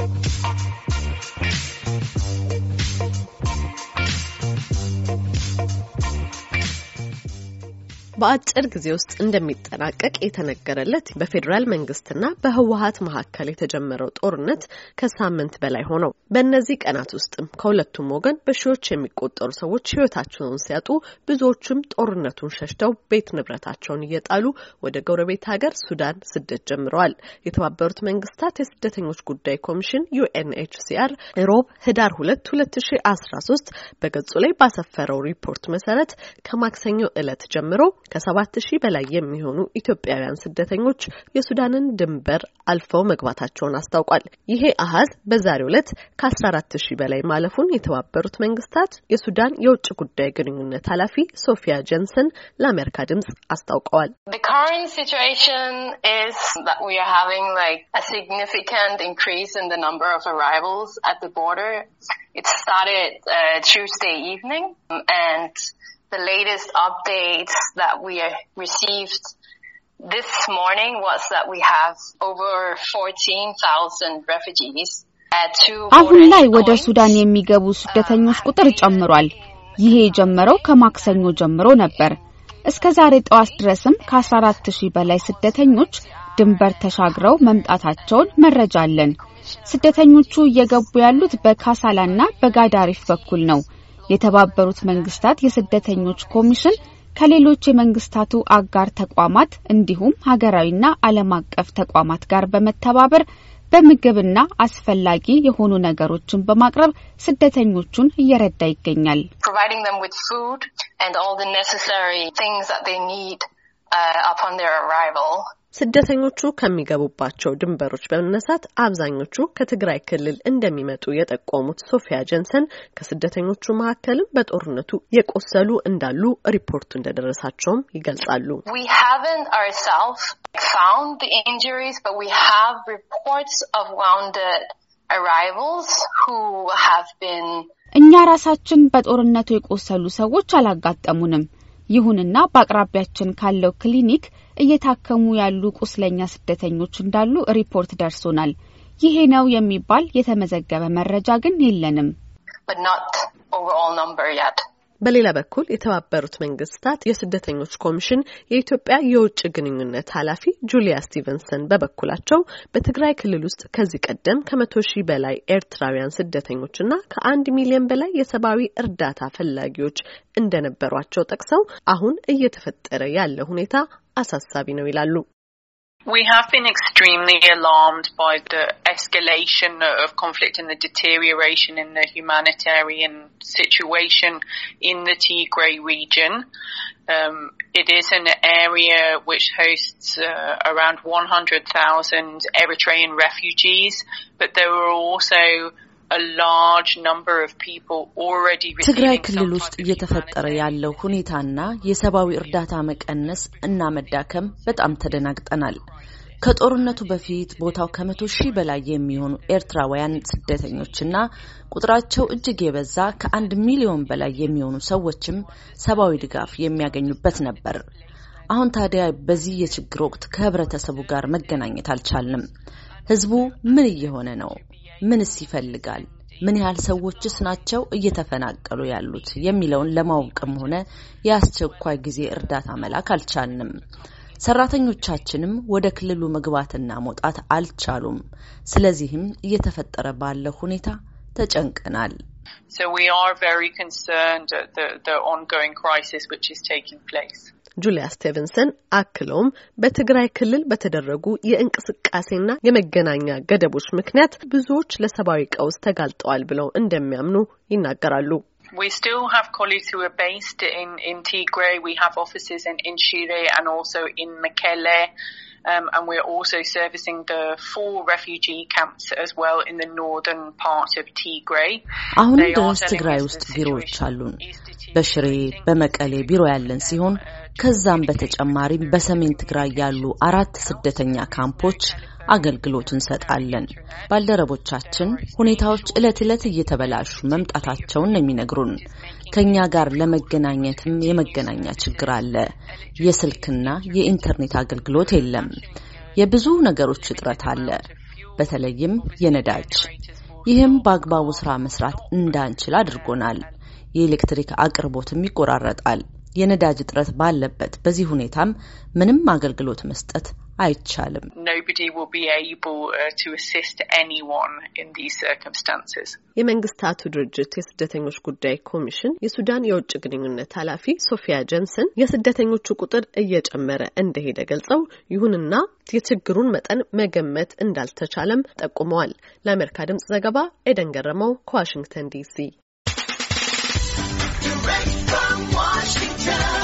Thank you. በአጭር ጊዜ ውስጥ እንደሚጠናቀቅ የተነገረለት በፌዴራል መንግስትና በህወሀት መካከል የተጀመረው ጦርነት ከሳምንት በላይ ሆነው በእነዚህ ቀናት ውስጥም ከሁለቱም ወገን በሺዎች የሚቆጠሩ ሰዎች ህይወታቸውን ሲያጡ ብዙዎቹም ጦርነቱን ሸሽተው ቤት ንብረታቸውን እየጣሉ ወደ ጎረቤት ሀገር ሱዳን ስደት ጀምረዋል። የተባበሩት መንግስታት የስደተኞች ጉዳይ ኮሚሽን ዩኤንኤችሲአር ሮብ ህዳር ሁለት ሁለት ሺ አስራ ሶስት በገጹ ላይ ባሰፈረው ሪፖርት መሰረት ከማክሰኞ ዕለት ጀምሮ ከሰባት ሺህ በላይ የሚሆኑ ኢትዮጵያውያን ስደተኞች የሱዳንን ድንበር አልፈው መግባታቸውን አስታውቋል። ይሄ አሀዝ በዛሬው ዕለት ከ አራት ሺህ በላይ ማለፉን የተባበሩት መንግስታት የሱዳን የውጭ ጉዳይ ግንኙነት ኃላፊ ሶፊያ ጀንሰን ለአሜሪካ ድምጽ አስታውቀዋል። It started uh, Tuesday evening, and the latest update that we received this morning was that we have over 14,000 refugees. አሁን ላይ ወደ ሱዳን የሚገቡ ስደተኞች ቁጥር ጨምሯል። ይሄ የጀመረው ከማክሰኞ ጀምሮ ነበር። እስከ ዛሬ ጠዋት ድረስም ከ14 ሺህ በላይ ስደተኞች ድንበር ተሻግረው መምጣታቸውን መረጃ አለን። ስደተኞቹ እየገቡ ያሉት በካሳላና በጋዳሪፍ በኩል ነው። የተባበሩት መንግስታት የስደተኞች ኮሚሽን ከሌሎች የመንግስታቱ አጋር ተቋማት እንዲሁም ሀገራዊና ዓለም አቀፍ ተቋማት ጋር በመተባበር በምግብና አስፈላጊ የሆኑ ነገሮችን በማቅረብ ስደተኞቹን እየረዳ ይገኛል። ስደተኞቹ ከሚገቡባቸው ድንበሮች በመነሳት አብዛኞቹ ከትግራይ ክልል እንደሚመጡ የጠቆሙት ሶፊያ ጀንሰን ከስደተኞቹ መካከልም በጦርነቱ የቆሰሉ እንዳሉ ሪፖርቱ እንደደረሳቸውም ይገልጻሉ። እኛ ራሳችን በጦርነቱ የቆሰሉ ሰዎች አላጋጠሙንም። ይሁንና በአቅራቢያችን ካለው ክሊኒክ እየታከሙ ያሉ ቁስለኛ ስደተኞች እንዳሉ ሪፖርት ደርሶናል። ይሄ ነው የሚባል የተመዘገበ መረጃ ግን የለንም። በሌላ በኩል የተባበሩት መንግስታት የስደተኞች ኮሚሽን የኢትዮጵያ የውጭ ግንኙነት ኃላፊ ጁሊያ ስቲቨንሰን በበኩላቸው በትግራይ ክልል ውስጥ ከዚህ ቀደም ከመቶ ሺህ በላይ ኤርትራውያን ስደተኞችና ከአንድ ሚሊዮን በላይ የሰብአዊ እርዳታ ፈላጊዎች እንደነበሯቸው ጠቅሰው አሁን እየተፈጠረ ያለ ሁኔታ አሳሳቢ ነው ይላሉ። We have been extremely alarmed by the escalation of conflict and the deterioration in the humanitarian situation in the Tigray region. Um, it is an area which hosts uh, around 100,000 Eritrean refugees, but there are also ትግራይ ክልል ውስጥ እየተፈጠረ ያለው ሁኔታና የሰብአዊ እርዳታ መቀነስ እና መዳከም በጣም ተደናግጠናል። ከጦርነቱ በፊት ቦታው ከመቶ ሺህ በላይ የሚሆኑ ኤርትራውያን ስደተኞችና ቁጥራቸው እጅግ የበዛ ከአንድ ሚሊዮን በላይ የሚሆኑ ሰዎችም ሰብአዊ ድጋፍ የሚያገኙበት ነበር። አሁን ታዲያ በዚህ የችግር ወቅት ከህብረተሰቡ ጋር መገናኘት አልቻልንም። ህዝቡ ምን እየሆነ ነው? ምንስ ይፈልጋል? ምን ያህል ሰዎችስ ናቸው እየተፈናቀሉ ያሉት የሚለውን ለማወቅም ሆነ የአስቸኳይ ጊዜ እርዳታ መላክ አልቻልንም። ሰራተኞቻችንም ወደ ክልሉ መግባትና መውጣት አልቻሉም። ስለዚህም እየተፈጠረ ባለው ሁኔታ ተጨንቀናል። So we are very concerned at the, the ongoing crisis which is taking place. ጁሊያ ስቴቨንሰን አክለውም በትግራይ ክልል በተደረጉ የእንቅስቃሴና የመገናኛ ገደቦች ምክንያት ብዙዎች ለሰብአዊ ቀውስ ተጋልጠዋል ብለው እንደሚያምኑ ይናገራሉ። We still have colleagues who are based in, in Tigray. We have offices in, in Shire and also in Um, and we're also servicing the four refugee camps as well in the northern part of Tigray. አሁንም ድረስ ትግራይ ውስጥ ቢሮዎች አሉን። በሽሬ በመቀሌ ቢሮ ያለን ሲሆን ከዛም በተጨማሪም በሰሜን ትግራይ ያሉ አራት ስደተኛ ካምፖች አገልግሎት እንሰጣለን። ባልደረቦቻችን ሁኔታዎች ዕለት ዕለት እየተበላሹ መምጣታቸውን ነው የሚነግሩን። ከእኛ ጋር ለመገናኘትም የመገናኛ ችግር አለ። የስልክና የኢንተርኔት አገልግሎት የለም። የብዙ ነገሮች እጥረት አለ፣ በተለይም የነዳጅ። ይህም በአግባቡ ስራ መስራት እንዳንችል አድርጎናል። የኤሌክትሪክ አቅርቦትም ይቆራረጣል። የነዳጅ እጥረት ባለበት በዚህ ሁኔታም ምንም አገልግሎት መስጠት አይቻልም። uh, የመንግስታቱ ድርጅት የስደተኞች ጉዳይ ኮሚሽን የሱዳን የውጭ ግንኙነት ኃላፊ ሶፊያ ጀንሰን የስደተኞቹ ቁጥር እየጨመረ እንደሄደ ገልጸው፣ ይሁንና የችግሩን መጠን መገመት እንዳልተቻለም ጠቁመዋል። ለአሜሪካ ድምጽ ዘገባ ኤደን ገረመው ከዋሽንግተን ዲሲ time.